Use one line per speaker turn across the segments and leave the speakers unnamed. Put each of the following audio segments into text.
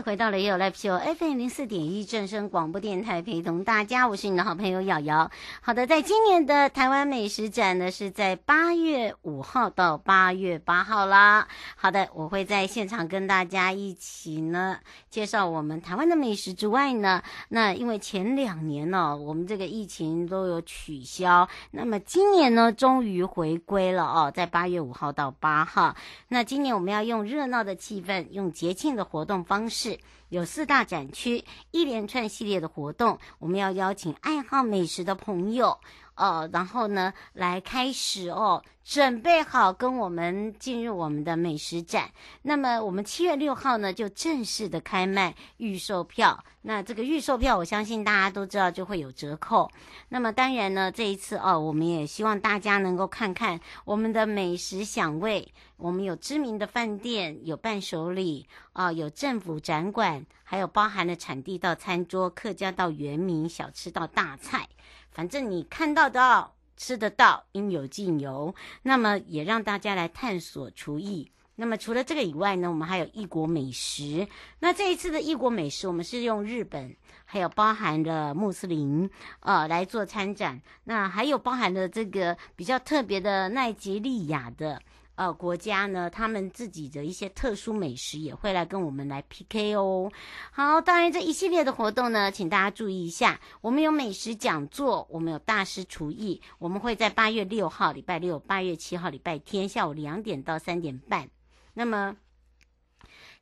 回到了也有 show FM 零四點一正聲廣播電臺，陪同大家，我是你的好朋友瑤瑤。好的，在今年的台灣美食展呢，是在八月五號到八月八號啦。好的，我會在現場跟大家一起呢介紹我們台灣的美食之外呢，那因為前兩年呢、啊，我們這個疫情都有取消，那麼今年呢，終於回歸了哦、啊，在八月五號到八號。那今年我們要用熱鬧的氣氛，用節慶的活動方式。是有四大展區，一連串系列的活動，我們要邀請愛好美食的朋友。哦，然後呢，來開始哦，準備好跟我們進入我們的美食展。那麼，我們七月六號呢就正式的開賣預售票。那這個預售票，我相信大家都知道就會有折扣。那麼，當然呢，這一次哦，我們也希望大家能夠看看我們的美食享味。我們有知名的飯店，有伴手禮，啊、哦，有政府展館，還有包含了產地到餐桌，客家到原民小吃到大菜。反正你看到的、吃得到，應有盡有。那麼也讓大家來探索廚藝。那麼除了這個以外呢，我們還有異國美食。那這一次的異國美食，我們是用日本，還有包含了穆斯林，呃，來做參展。那還有包含了這個比較特別的奈及利亞的。呃，國家呢，他們自己的一些特殊美食也會來跟我們來 PK 哦。好，當然這一系列的活動呢，請大家注意一下，我們有美食講座，我們有大師廚藝，我們會在八月六號禮拜六，八月七號禮拜天下午兩點到三點半。那麼。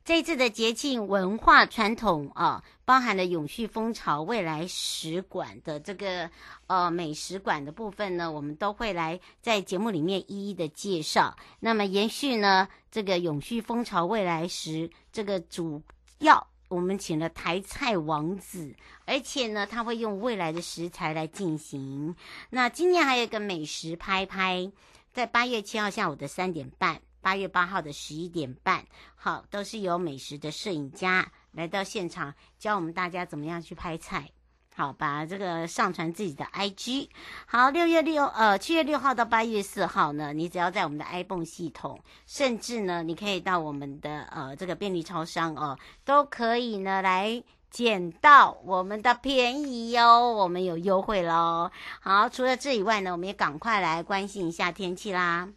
這一次的節慶文化傳統啊，包含了永續蜂巢未來食館的這個呃美食館的部分呢，我們都會來在節目裡面一一的介紹。那麼延續呢，這個永續蜂巢未來食這個主要，我們請了台菜王子，而且呢，他會用未來的食材來進行。那今天還有一個美食拍拍，在八月七號下午的三點半。八月八號的十一點半，好，都是由美食的攝影家來到現場，教我們大家怎麼樣去拍菜好，好，把這個上傳自己的 IG，好，六月六呃七月六號到八月四號呢，你只要在我們的 ibon 系統，甚至呢，你可以到我們的呃這個便利超商哦、呃，都可以呢來撿到我們的便宜喲、哦，我們有優惠嘍。好，除了這以外呢，我們也趕快來關心一下天氣啦。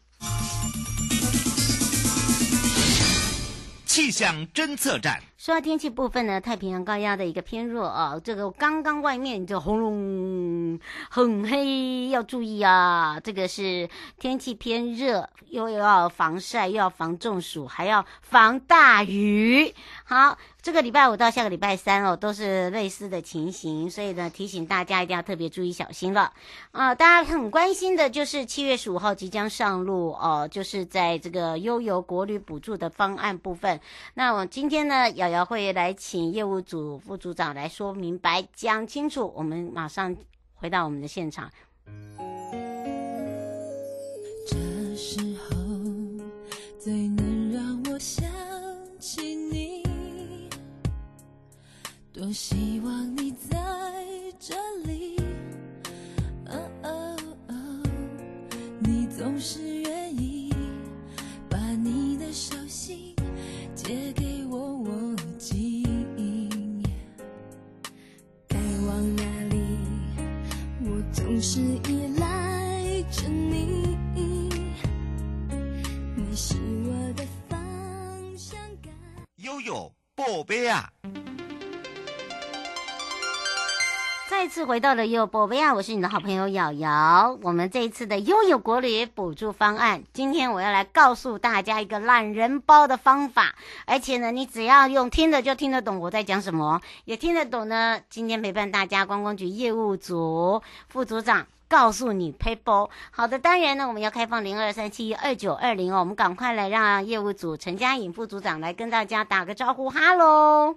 氣象偵測站。
說到天氣部分呢，太平洋高壓的一個偏弱啊，這個剛剛外面就轟隆，很黑，要注意啊！這個是天氣偏熱，又要防曬，又要防中暑，還要防大雨。好，這個禮拜五到下個禮拜三哦，都是類似的情形，所以呢，提醒大家一定要特別注意小心了啊、呃！大家很關心的就是七月十五號即將上路哦、呃，就是在這個悠遊國旅補助的方案部分。那我今天呢要。會來請業務組副組長來說明白，講清楚。我們馬上回到我們的現場。
這時候最能讓我想起你，多希望你在這裡，哦哦哦，你總是依賴着你，你是我的方向感。YOYO 寶貝啊！
再次回到了優播，薇婭，我是你的好朋友瑤瑤。我們這一次的悠遊國旅補助方案，今天我要來告訴大家一個懶人包的方法。而且呢，你只要用聽的就聽得懂我在講什麼，也聽得懂呢。今天陪伴大家觀光局業務組副組長告訴你，陪播。好的，當然呢，我們要開放零二三七二九二零哦。我們趕快來讓業務組陳嘉穎副組長來跟大家打個招呼，哈嘍。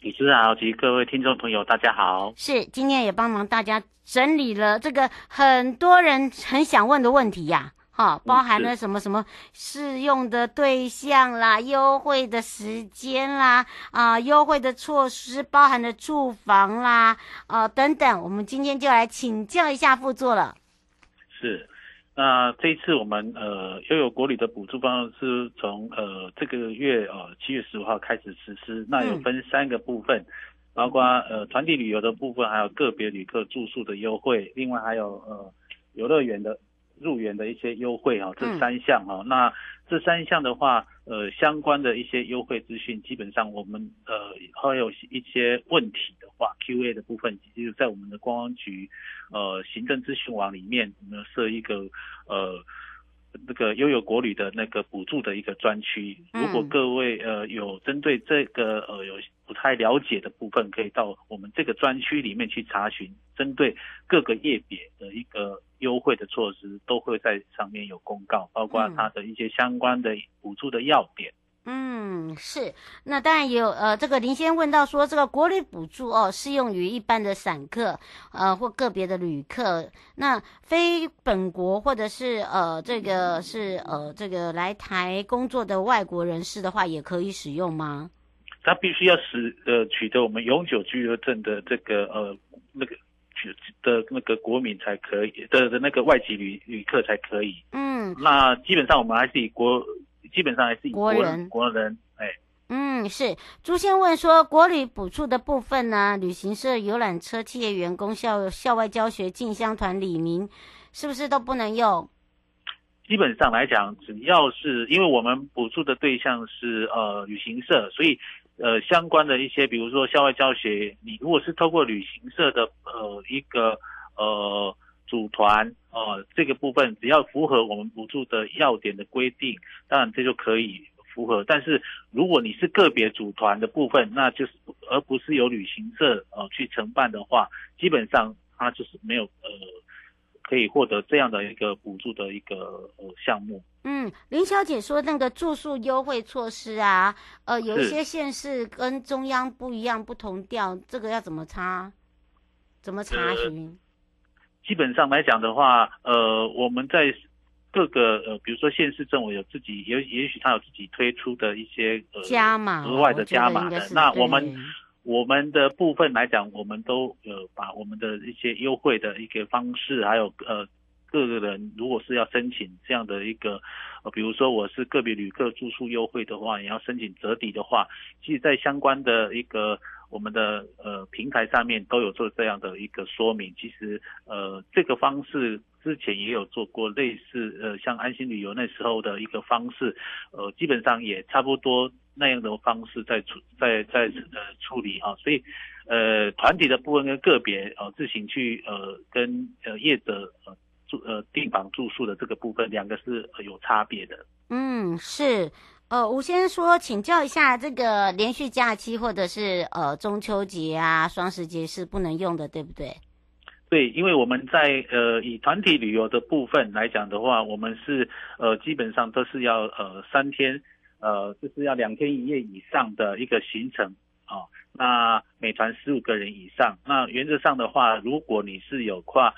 李思人好，及各位聽眾朋友，大家好。
是，今天也幫忙大家整理了這個很多人很想問的問題呀、啊，哈，包含了什麼是什麼適用的對象啦，優惠的時間啦，啊、呃，優惠的措施，包含了住房啦，啊、呃，等等，我們今天就來請教一下副座了。
是。那這一次我們呃悠遊國旅的補助方案是從呃這個月呃七月十五號開始實施，那有分三個部分，嗯、包括呃團體旅遊的部分，還有個別旅客住宿的優惠，另外還有呃遊樂園的。入園的一些優惠啊，這三項啊，嗯、那這三項的話，呃，相關的一些優惠資訊，基本上我們呃，還有一些問題的話，Q&A 的部分，就是、在我們的觀光局呃行政諮詢網裡面，我們設一個呃，那個悠遊國旅的那個補助的一個專區，如果各位呃有針對這個呃有不太了解的部分，可以到我們這個專區裡面去查詢。針對各個業別的一個優惠的措施都會在上面有公告，包括它的一些相關的補助的要點。嗯
嗯，是。那當然也有，呃，這個林先問到說，這個國旅補助哦，適用於一般的散客，呃，或個別的旅客。那非本國或者是呃，這個是呃，這個來台工作的外國人士的話，也可以使用嗎？
他必須要使呃取得我們永久居留證的這個呃那個取得那個國民才可以的的那個外籍旅旅客才可以。嗯，那基本上我們還是以國。基本上還
是以國人，國人，哎，欸、嗯，是。朱先問說，國旅補助的部分呢、啊，旅行社、遊覽車、企業員工、校校外教學、進香團、里民，是不是都不能用？
基本上來講，只要是因為我們補助的對象是呃旅行社，所以呃相關的一些，比如說校外教學，你如果是透過旅行社的呃一個呃。組團呃這個部分只要符合我們補助的要點的規定，當然這就可以符合。但是如果你是個別組團的部分，那就是而不是由旅行社呃去承辦的話，基本上它就是沒有呃可以獲得這樣的一個補助的一個呃項目。
嗯，林小姐說那個住宿優惠措施啊，呃，有一些縣市跟中央不一樣，不同調，是這個要怎麼查？怎麼查詢？
呃基本上來講的話，呃，我們在各個呃，比如說縣市政府有自己，也也許他有自己推出的一些呃，
加碼碼額外的加碼的。我那我們
對我們的部分來講，我們都呃把我們的一些優惠的一個方式，還有呃各個人如果是要申請這樣的一個，呃，比如說我是個別旅客住宿優惠的話，也要申請折抵的話，其實在相關的一個。我們的呃平台，上面都有做這樣的一個說明，其實呃這個方式之前也有做過類似呃像安心旅遊那時候的一個方式，呃基本上也差不多那樣的方式在處在在呃處理哈、啊，所以呃團體的部分跟個別呃自行去呃跟呃業者住呃住呃訂房住宿的這個部分兩個是有差別的。
嗯，是。呃，我先說，請教一下，這個連續假期或者是呃中秋節啊、雙十節是不能用的，對不對？
對，因為我們在呃以團體旅遊的部分來講的話，我們是呃基本上都是要呃三天，呃就是要兩天一夜以上的一個行程啊、呃。那每團十五個人以上，那原則上的話，如果你是有跨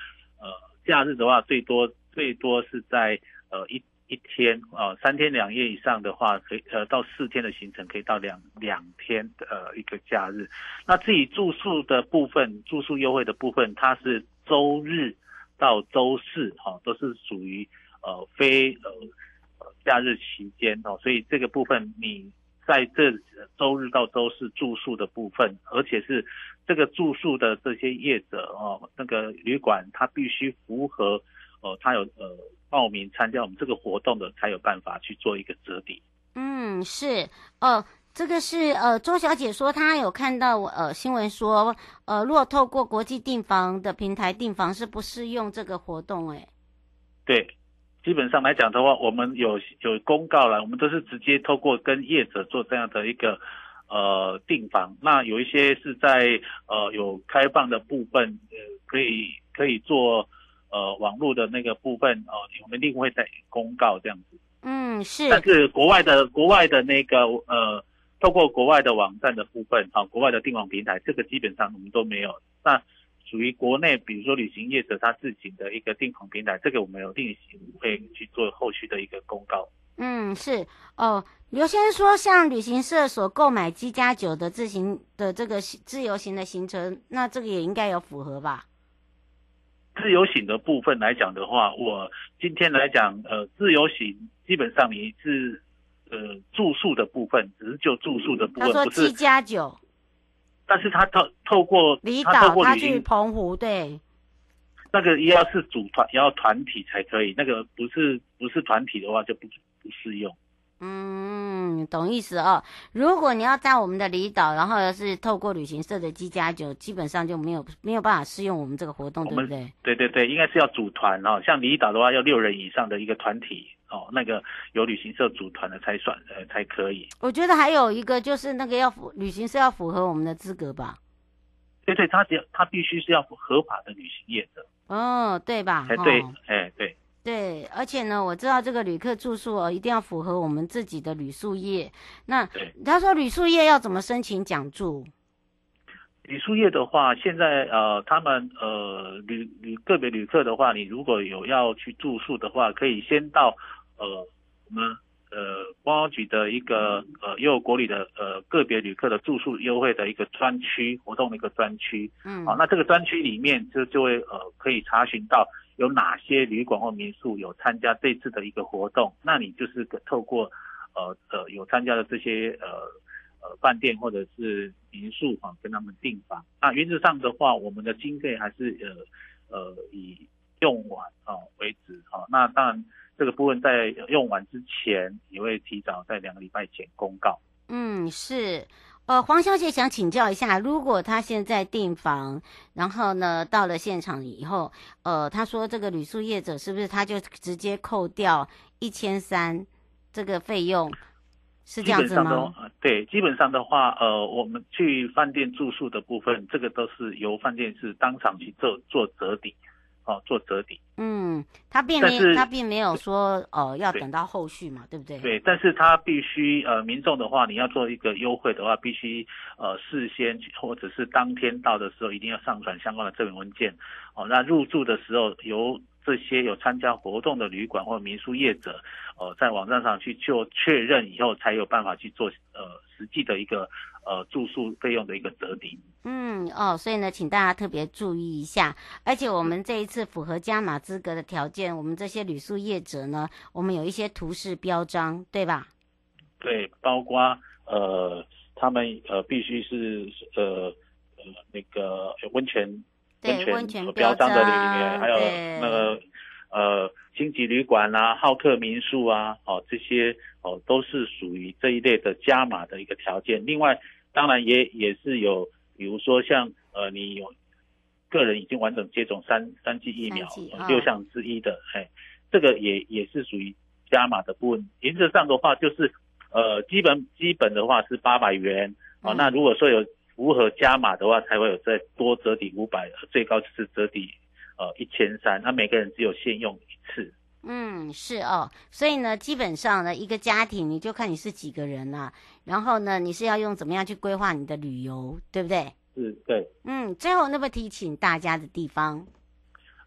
呃假日的話，最多最多是在呃一。一天啊，三天兩夜以上的話，可以呃到四天的行程，可以到兩兩天呃一個假日。那自己住宿的部分，住宿優惠的部分，它是週日到週四哈，都是屬於呃非呃，假日期間哦。所以這個部分你在這週日到週四住宿的部分，而且是這個住宿的這些業者哦，那個旅館它必須符合。哦、呃，他有呃報名參加我們這個活動的，才有辦法去做一個折抵。嗯，
是
哦、呃，這個是呃，周小姐說她有看到呃新聞說，呃，若透過國際訂房的平台訂房是不適用這個活動誒、欸，
對，基本上來講的話，我們有有公告啦，我們都是直接透過跟業者做這樣的一個呃訂房。那有一些是在呃有開放的部分，呃，可以可以做。呃，網絡的那個部分哦、呃，我們一定會再公告這樣子。嗯，是。
但是
國外的國外的那個呃，透過國外的網站的部分啊、呃，國外的訂房平台，這個基本上我們都沒有。那屬於國內，比如說旅行業者它自己的一個訂房平台，這個我們有另行會去做後續的一個公告。
嗯，是哦。劉、呃、先生說，像旅行社所購買機加酒的自行的這個自由行的行程，那這個也應該有符合吧？
自由行的部分來講的話，我今天來講，呃，自由行基本上你是，呃，住宿的部分，只是就住宿的部分不是，嗯、七
加九，
是，但是他透透過離島，他，透過他去
澎湖，對，
那個也要是組團，也要團體才可以，那個不是不是團體的話就不不適用。
嗯，懂意思哦。如果你要在我們的離島，然後是透過旅行社的機加酒，基本上就沒有沒有辦法適用我們這個活動，對不對？
對對對，應該是要組團哦。像離島的話，要六人以上的一個團體哦，那個有旅行社組團的才算，呃，才可以。
我覺得還有一個就是那個要符，旅行社要符合我們的資格吧？
對對，他只要他必須是要合法的旅行
業者哦，對吧？哦、才對，哎、
欸、對。
對，而且呢，我知道這個旅客住宿哦，一定要符合我們自己的旅宿業。那對他說旅宿業要怎麼申請獎助？
旅宿業的話，現在呃，他們呃，旅旅個別旅客的話，你如果有要去住宿的話，可以先到呃，我們呃觀光局的一個呃，悠遊國旅的呃個別旅客的住宿優惠的一個專區活動的一個專區。嗯。好、啊，那這個專區裡面就就會呃，可以查詢到。有哪些旅館或民宿有參加這次的一個活動？那你就是透過，呃呃，有參加的這些呃呃飯店或者是民宿啊，跟他們訂房。那原則上的話，我們的經費還是呃呃以用完啊為止哈啊。那當然，這個部分在用完之前也會提早在兩個禮拜前公告。
嗯，是。呃，黃小姐想請教一下，如果她現在訂房，然後呢到了現場以後，呃，她說這個旅宿業者是不是她就直接扣掉一千三這個費用，是這樣子的嗎？
對，基本上的話，呃，我們去飯店住宿的部分，這個都是由飯店是當場去做做折抵。哦，做折抵。
嗯，他並沒是他並沒有說，呃對、哦，要等到後續嘛，對不對？對，
但是他必須，呃，民眾的話，你要做一個優惠的話，必須，呃，事先或者是當天到的時候，一定要上傳相關的證明文件。哦，那入住的時候由。這些有參加活動的旅館或民宿業者，呃，在網站上去做確認以後，才有辦法去做呃實際的一個呃住宿費用的一個折抵。嗯，
哦，所以呢，請大家特別注意一下。而且我們這一次符合加碼資格的條件，我們這些旅宿業者呢，我們有一些圖示標章，對吧？
對，包括呃，他們呃必須是呃呃那個溫泉。溫泉標章的裡面，還有那個對呃星級旅館啊、好客民宿啊，哦這些哦都是屬於這一類的加碼的一個條件。另外，當然也也是有，比如說像呃你有個人已經完整接種三三劑疫苗六項三劑，呃、之一的，哎、啊，這個也也是屬於加碼的部分。原則上的話，就是呃基本基本的話是八百元哦。嗯、那如果說有如何加碼的話，才會有再多折抵五百，最高就是折抵呃一千三。那、啊、每個人只有限用一次。
嗯，是哦。所以呢，基本上呢，一個家庭你就看你是幾個人啦、啊。然後呢，你是要用怎麼樣去規劃你的旅遊，對不對？
嗯，對。
嗯，最後那麼提醒大家的地方。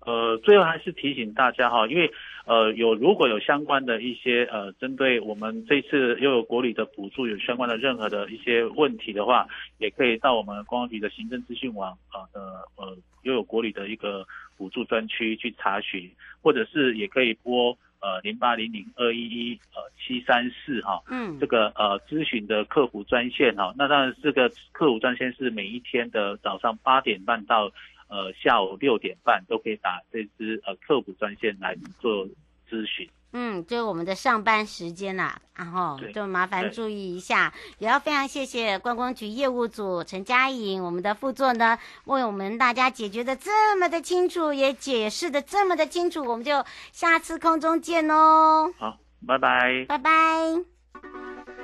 呃，最後還是提醒大家哈，因為呃有如果有相關的一些呃針對我們這次悠遊國旅的補助，有相關的任何的一些問題的話，也可以到我們觀光局的行政資訊網呃，的呃悠遊國旅的一個補助專區去查詢，或者是也可以撥呃零八零零二一一呃七三四哈，34, 啊、嗯，這個呃諮詢的客服專線哈、啊，那當然這個客服專線是每一天的早上八點半到。呃，下午六點半都可以打這支呃客服專線來做諮詢。
嗯，就是我們的上班時間啊，然、啊、後對就麻煩注意一下，對也要非常謝謝觀光局業務組陳嘉穎，我們的副座呢，為我們大家解決的這麼的清楚，也解釋的這麼的清楚，我們就下次空中見哦。好，
拜拜。
拜拜。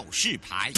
告示牌，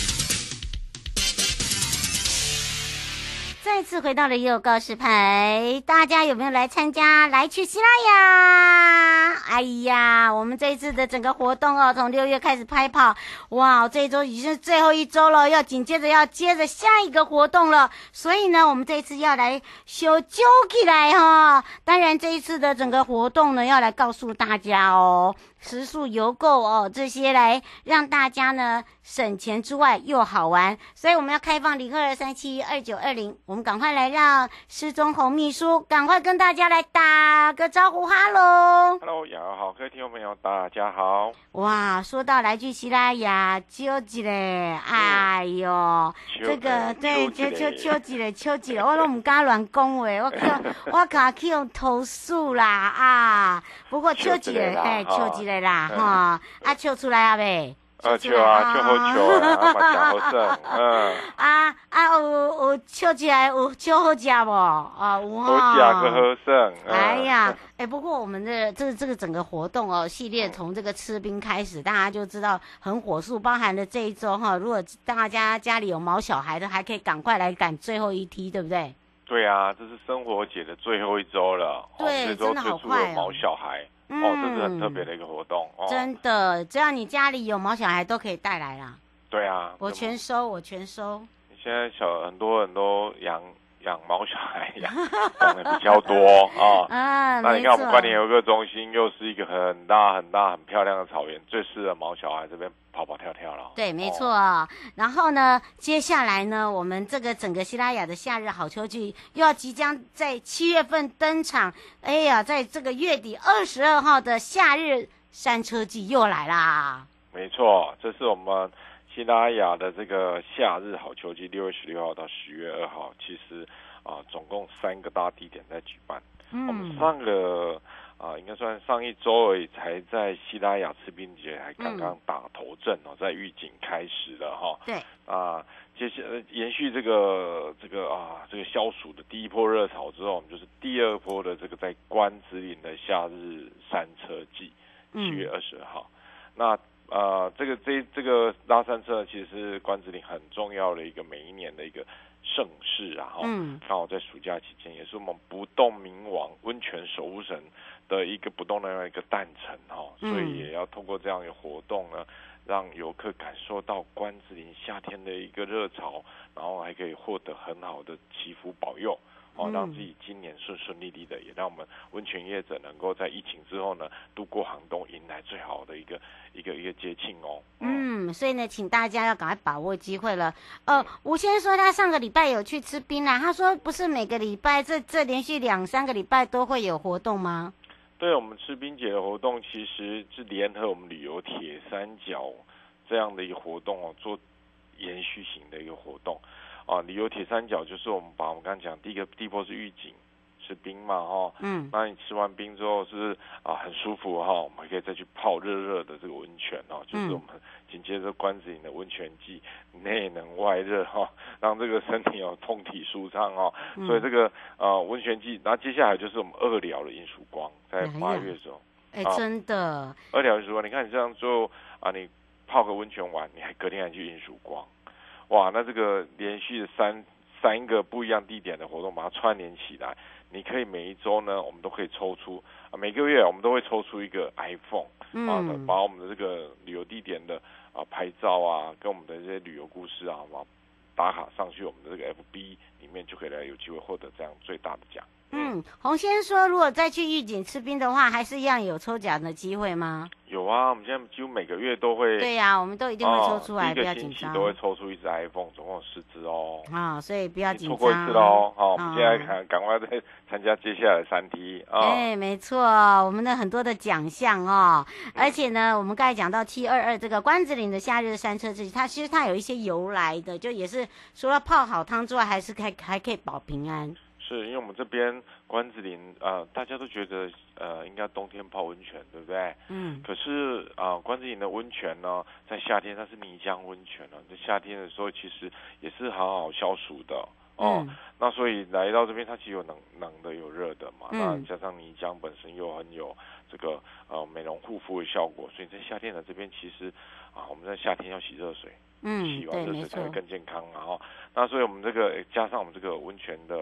再次回到了 YOYO 告示牌，大家有沒有來參加？來去西拉雅呀！哎呀，我們這一次的整個活動哦，從六月開始拍跑，哇，這一周已經是最後一周了，要緊接着要接着下一個活動了。所以呢，我們這一次要來修揪起來哈、哦。當然，這一次的整個活動呢，要來告訴大家哦，食宿遊購哦這些，來讓大家呢。省錢之外又好玩，所以我們要開放零二三七二九二零，我們趕快來讓施宗泓秘書趕快跟大家來打個招呼哈，哈嘍，哈嘍，雅
雅好，各位聽眾朋友大家好，哇，
說到來自西拉雅秋祭嘞，哎呦，這個對秋秋秋祭嘞，秋祭嘞，我都不敢亂講話，我可我敢去用投訴啦啊，不過秋祭嘞，嘿，秋祭嘞啦，哈對，啊，笑出來啊喂。啊，吃啊，吃好吃啊，好吃好食。嗯。啊啊，有有吃起來有吃好吃不？啊，好吃，好吃好
食。哎呀，
哎，不過我們的這這個整個活動哦，系列從這個吃冰開始，大家就知道很火速，包含了這一周哈。如果大家家裡有毛小孩的，還可以趕快來趕最後一梯，對不對？
對啊，這是生活節的最後一周了。對，真的好快。哦，嗯、這是很特別的一個活動哦，真
的，只要你家裡有毛小孩都可以帶來啦，
對啊，
我全收，有有我全收。
現在小很多人都養。養毛小孩養的比較多啊，那你看我們觀點遊客中心又是一個很大很大很漂亮的草原，最適合毛小孩這邊跑跑跳跳了。
對，沒錯。哦、然後呢，接下來呢，我們這個整個西拉雅的夏日好秋祭又要即將在七月份登場。哎呀，在這個月底二十二號的夏日山車季又來啦。
沒錯，這是我們。西拉雅的這個夏日好秋祭，六月十六號到十月二號，其實啊，總共三個大地點在舉辦。嗯，
我們上
個啊，應該算上一周而已，才在西拉雅吃冰節還剛剛打頭陣哦，嗯、在玉井開始了哈。對，啊，對接下來延續這個這個啊這個消暑的第一波熱潮之後，我們就是第二波的這個在關子嶺的夏日山車季，
七月二
十二號。嗯、那呃，這個這這個拉山車呢，其實是關子嶺很重要的一個每一年的一個盛事啊、哦。嗯，剛好在暑假期間，也是我們不動明王溫泉守護神的一個不動那樣一個誕辰哈、哦，所以也要通過這樣一個活動呢，嗯、讓遊客感受到關子嶺夏天的一個熱潮，然後還可以獲得很好的祈福保佑。哦，讓自己今年順順利利的，也讓我們溫泉業者能夠在疫情之後呢，度過寒冬，迎來最好的一個一個一個節慶。哦。嗯，
嗯，所以呢，請大家要趕快把握機會了。呃，吳、嗯、先生說他上個禮拜有去吃冰啦，他說不是每個禮拜這這連續兩三個禮拜都會有活動嗎？
對，我們吃冰節的活動其實是聯合我們旅遊鐵三角這樣的一個活動哦，做延續型的一個活動。啊，旅遊鐵三角就是我們把我們剛剛講第一個第一波是玉井，是冰嘛哈、哦，嗯，那你吃完冰之後是啊很舒服哈、哦，我們還可以再去泡熱熱的這個溫泉哦，就是我們緊接着關子嶺的溫泉季，內冷外熱哈、哦，讓這個身體有通體舒暢哦，嗯、所以這個呃溫泉季，然後接下來就是我們二寮的迎曙光，在八月中。右，哎、欸啊、真
的，
二寮的曙光，你看你這樣做啊，你泡個溫泉玩，你還隔天還去迎曙光。哇，那這個連續的三三個不一樣地點的活動，把它串聯起來，你可以每一周呢，我們都可以抽出，啊，每個月我們都會抽出一個 iPhone，啊，把我們的這個旅遊地點的啊拍照啊，跟我們的這些旅遊故事啊，把打卡上去我們的這個 FB 裡面，就可以來有機會獲得這樣最大的獎。
嗯，洪先生說，如果再去玉井吃冰的話，還是一樣有抽獎的機會嗎？
有啊，我們現在幾乎每個月都會。對呀、啊，
我們都一定會抽出來，啊、不要緊張。我們都會
抽出一支 iPhone，總共有十支哦。
啊，所以不要緊張。你錯過一次嘍，好、啊，啊、我們現在趕
趕快再參加接下來三梯哎、啊欸，
沒錯，我們的很多的獎項哦，嗯、而且呢，我們剛才講到 T 二二這個關子嶺的夏日山車季，它其實它有一些由來的，就也是除了泡好湯之外，還是還還可以保平安。
是，因為我們這邊關子嶺啊、呃，大家都覺得呃，應該冬天泡溫泉，對不對？
嗯。可
是啊、呃，關子嶺的溫泉呢，在夏天它是泥漿溫泉啊。在夏天的時候，其實也是好好消暑的哦。嗯、那所以來到這邊，它其實有冷冷的，有熱的嘛。嗯、那加上泥漿本身又很有這個呃美容護膚的效果，所以在夏天的這邊其實啊，我們在夏天要洗熱水，
嗯，洗完熱水才會更
健康啊。哦、那所以我們這個加上我們這個溫泉的。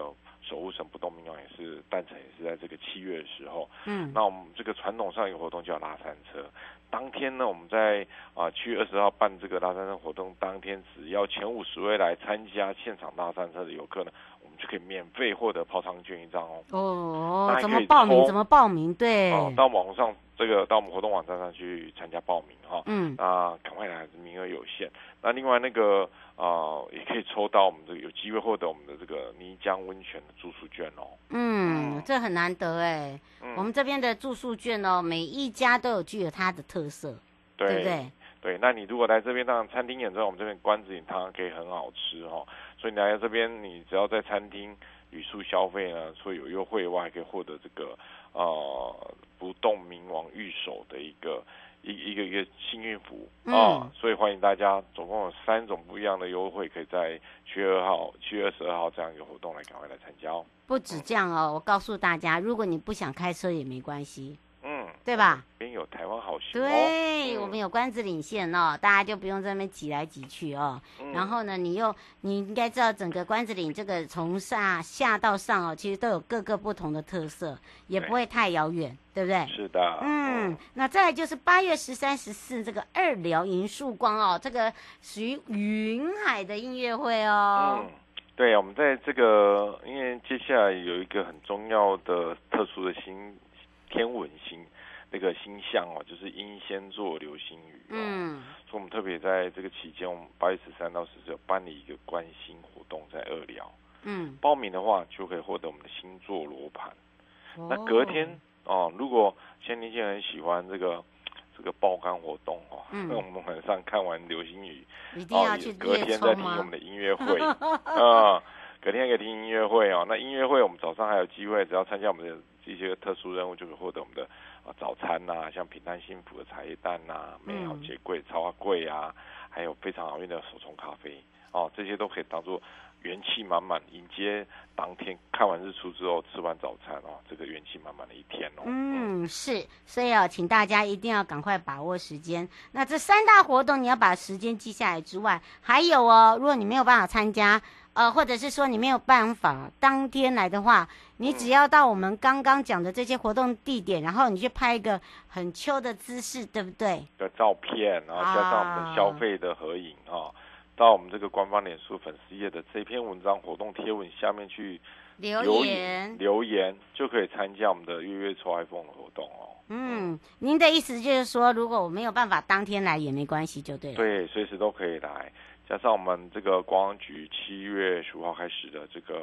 守護神不動明王也是誕辰也是在這個七月的時候，嗯，那我們這個傳統上一個活動叫拉山車，當天呢，我們在啊，呃，七月二十號辦這個拉山車活動，當天只要前五十位來參加現場拉山車的遊客呢，我們就可以免費獲得泡湯券一張哦。哦哦，
怎麼報
名？怎麼
報名？對，哦，
到網上。這個到我們活動網站上去參加報名哈，嗯，那趕、啊、快來，名額有限。那另外那個呃，也可以抽到我們這個有機會獲得我們的這個泥漿溫泉的住宿券哦。嗯，嗯，
這很難得哎，嗯、我們這邊的住宿券哦，每一家都有具有它的特色，
對，對不對？對，那你如果來這邊當餐廳演之後，我們這邊關子嶺湯可以很好吃哦，所以你來到這邊，你只要在餐廳。語速消費呢，除了有優惠的話，還可以獲得這個呃，不動明王御守的一個一一個一個，一個幸運符。嗯、啊，所以歡迎大家，總共有三種不一樣的優惠，可以在七月二號、七月二十二號這樣一個活動來趕快來參加。
不止這樣哦，嗯、我告訴大家，如果你不想開車也沒關係，
嗯，對吧？有台灣好行、喔對，對、
嗯、我們有關子嶺線哦、喔，大家就不用在那邊擠來擠去哦、喔。嗯、然後呢，你又你應該知道整個關子嶺這個從下下到上哦、喔，其實都有各個不同的特色，對也不會太遙遠，對不對？是的。嗯，嗯嗯那再來就是八月十三十四這個二寮迎曙光哦、喔，這個屬於雲海的音樂會哦、喔。嗯，
對，我們在這個因為接下來有一個很重要的特殊的星天文星。那個星象哦、啊，就是英仙座流星雨哦，嗯、所以我們特別在這個期間，我們八月十三到十四有辦理一個觀星活動在二寮，嗯，報名的話就可以獲得我們的星座羅盤。哦、那隔天哦，如果千天性很喜歡這個這個爆肝活動哦，嗯、那我們晚上看完流星雨，一定要隔天再聽我們的音樂會啊、 嗯，隔天可以聽音樂會哦。那音樂會我們早上還有機會，只要參加我們的。一些特殊任務就是獲得我們的啊早餐吶、啊，像平安幸福的茶葉蛋吶、啊，美好結櫃、桃花櫃啊，還有非常好運的手沖咖啡哦，這些都可以當做元氣滿滿迎接當天。看完日出之後，吃完早餐哦，這個元氣滿滿的一天哦。嗯，嗯
是，所以啊、哦，請大家一定要趕快把握時間。那這三大活動你要把時間記下來之外，還有哦，如果你沒有辦法參加。嗯呃，或者是說你沒有辦法當天來的話，你只要到我們剛剛講的這些活動地點，嗯、然後你去拍一個很秋的姿勢，對不對？
的照片，然後加上我們的消費的合影啊，啊，到我們這個官方臉書粉絲頁的這篇文章活動貼文下面去留言
留言，
留言，就可以參加我們的月月抽 iPhone 的活動哦。嗯，嗯
您的意思就是說，如果我沒有辦法當天來也沒關係，就對了。
對，隨時都可以來。加上我們這個觀光局七月十五號開始的這個，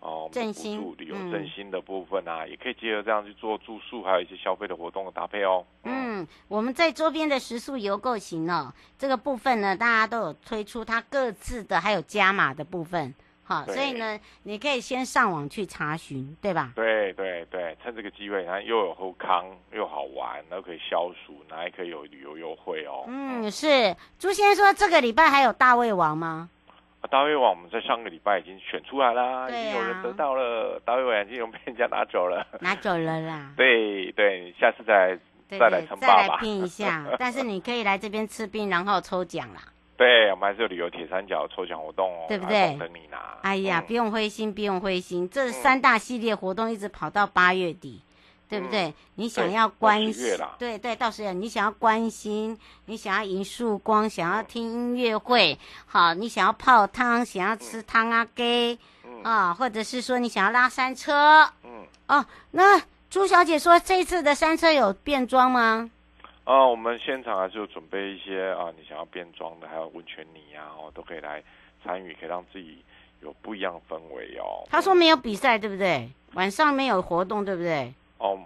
哦、呃，振興補助旅遊振興的部分啊，嗯、也可以結合這樣去做住宿，還有一些消費的活動的搭配哦。嗯，嗯
我們在周邊的食宿遊購行哦，這個部分呢，大家都有推出它各自的，還有加碼的部分。好，對所以呢，你可以先上網去查詢，對吧？
對對對，趁這個機會，然後又有好康，又好玩，然後可以消暑，然後還可以有旅遊優惠哦。嗯，
是。朱先生說，這個禮拜還有大胃王嗎？
啊、大胃王，我們在上個禮拜已經選出來啦，對啊、已經有人得到了，大胃王已經被人家拿走了，拿走了啦。 對對，下次再對對對再來稱霸吧。再來拼一下， 但是
你可以來這邊吃冰，然後抽獎啦。
對，我們還是有旅遊鐵三角抽獎活動哦、喔，對不對？等
你拿。哎呀，嗯、不用灰心，不用灰心，這三大系列活動一直跑到八月底，嗯、對不對？你想要關心，月啦對，對對，到時候你想要觀星，你想要迎曙光，想要聽音樂會，嗯、好，你想要泡湯，想要吃湯阿給，嗯嗯、啊，或者是說你想要拉山車，嗯，哦、啊，那朱小姐說這次的山車有變裝嗎？
啊、哦，我們現場還是有準備一些啊，你想要變裝的，還有溫泉泥啊，哦，都可以來參與，可以讓自己有不一樣的氛圍哦。他
說沒有比賽，對不對？晚上沒有活動，對不對？
哦、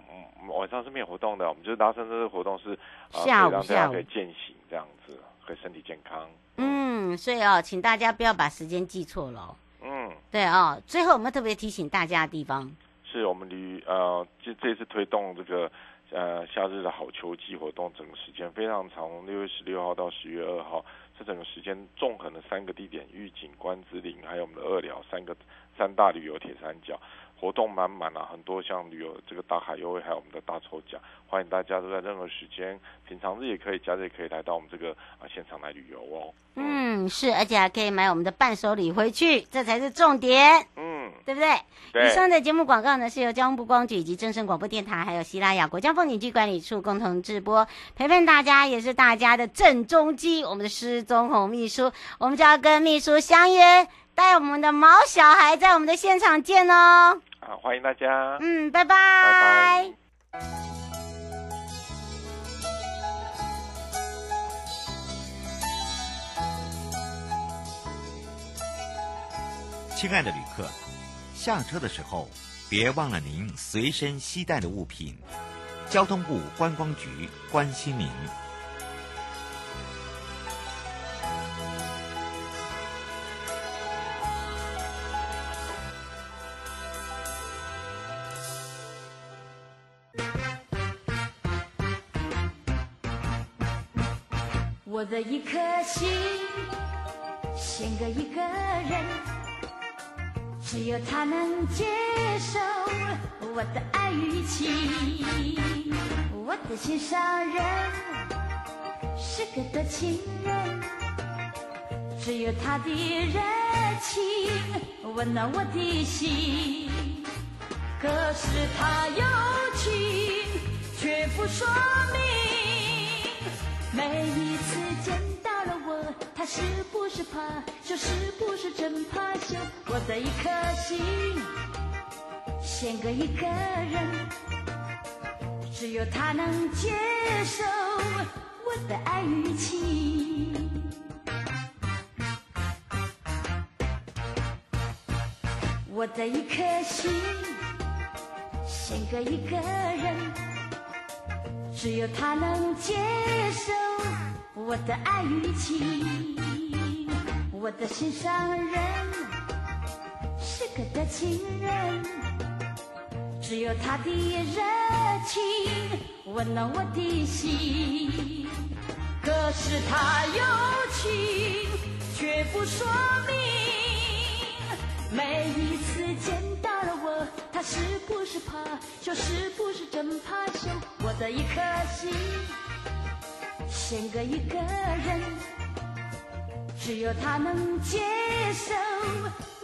嗯，晚上是沒有活動的，我們就是達成這個活動是、啊、下午，下午可以健行這樣子，可以身體健康。
午嗯，所以哦，請大家不要把時間記錯了。嗯，對哦。最後我們特別提醒大家的地方，
是我們離呃，就這次推動這個。呃，夏日的好秋祭活動，整個時間非常長，六月十六號到十月二號，這整個時間縱橫的三個地點，玉井、關子嶺，還有我們的二寮，三個三大旅遊鐵三角，活動滿滿啊！很多像旅遊這個打卡優惠，還有我們的大抽獎，歡迎大家都在任何時間，平常日也可以，假日也可以來到我們這個啊現場來旅遊哦。嗯，嗯，
是，而且還可以買我們的伴手禮回去，這才是重點。嗯。對不對？對，以上的節目廣告呢，是由交通部觀光局以及正聲廣播電台，還有西拉雅國家風景區管理處共同直播。陪伴大家也是大家的正中基，我們的施宗泓秘書，我們就要跟秘書相約，帶我們的毛小孩在我們的現場見哦。好、啊，
歡迎大家。
嗯，拜拜。拜拜。
親愛的旅客，下車的時候，別忘了您隨身攜帶的物品。交通部觀光局關心您。
我的一顆心，獻給一個人。只有他能接受我的愛與情，我的心上人是個多情人。只有他的熱情溫暖我的心，可是他有情卻不說明。每一次見他。是不是怕羞？是不是真怕羞？我的一顆心獻給一個人，只有他能接受我的愛與情。我的一顆心獻給一個人，只有他能接受。我的愛與情，我的心上人是個多情人，只有他的熱情溫暖我的心。可是他有情卻不說明，每一次見到了我，他是不是怕羞？是不是真怕羞？我的一顆心。獻給一個人，只有他能接受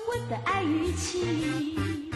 我的愛與情。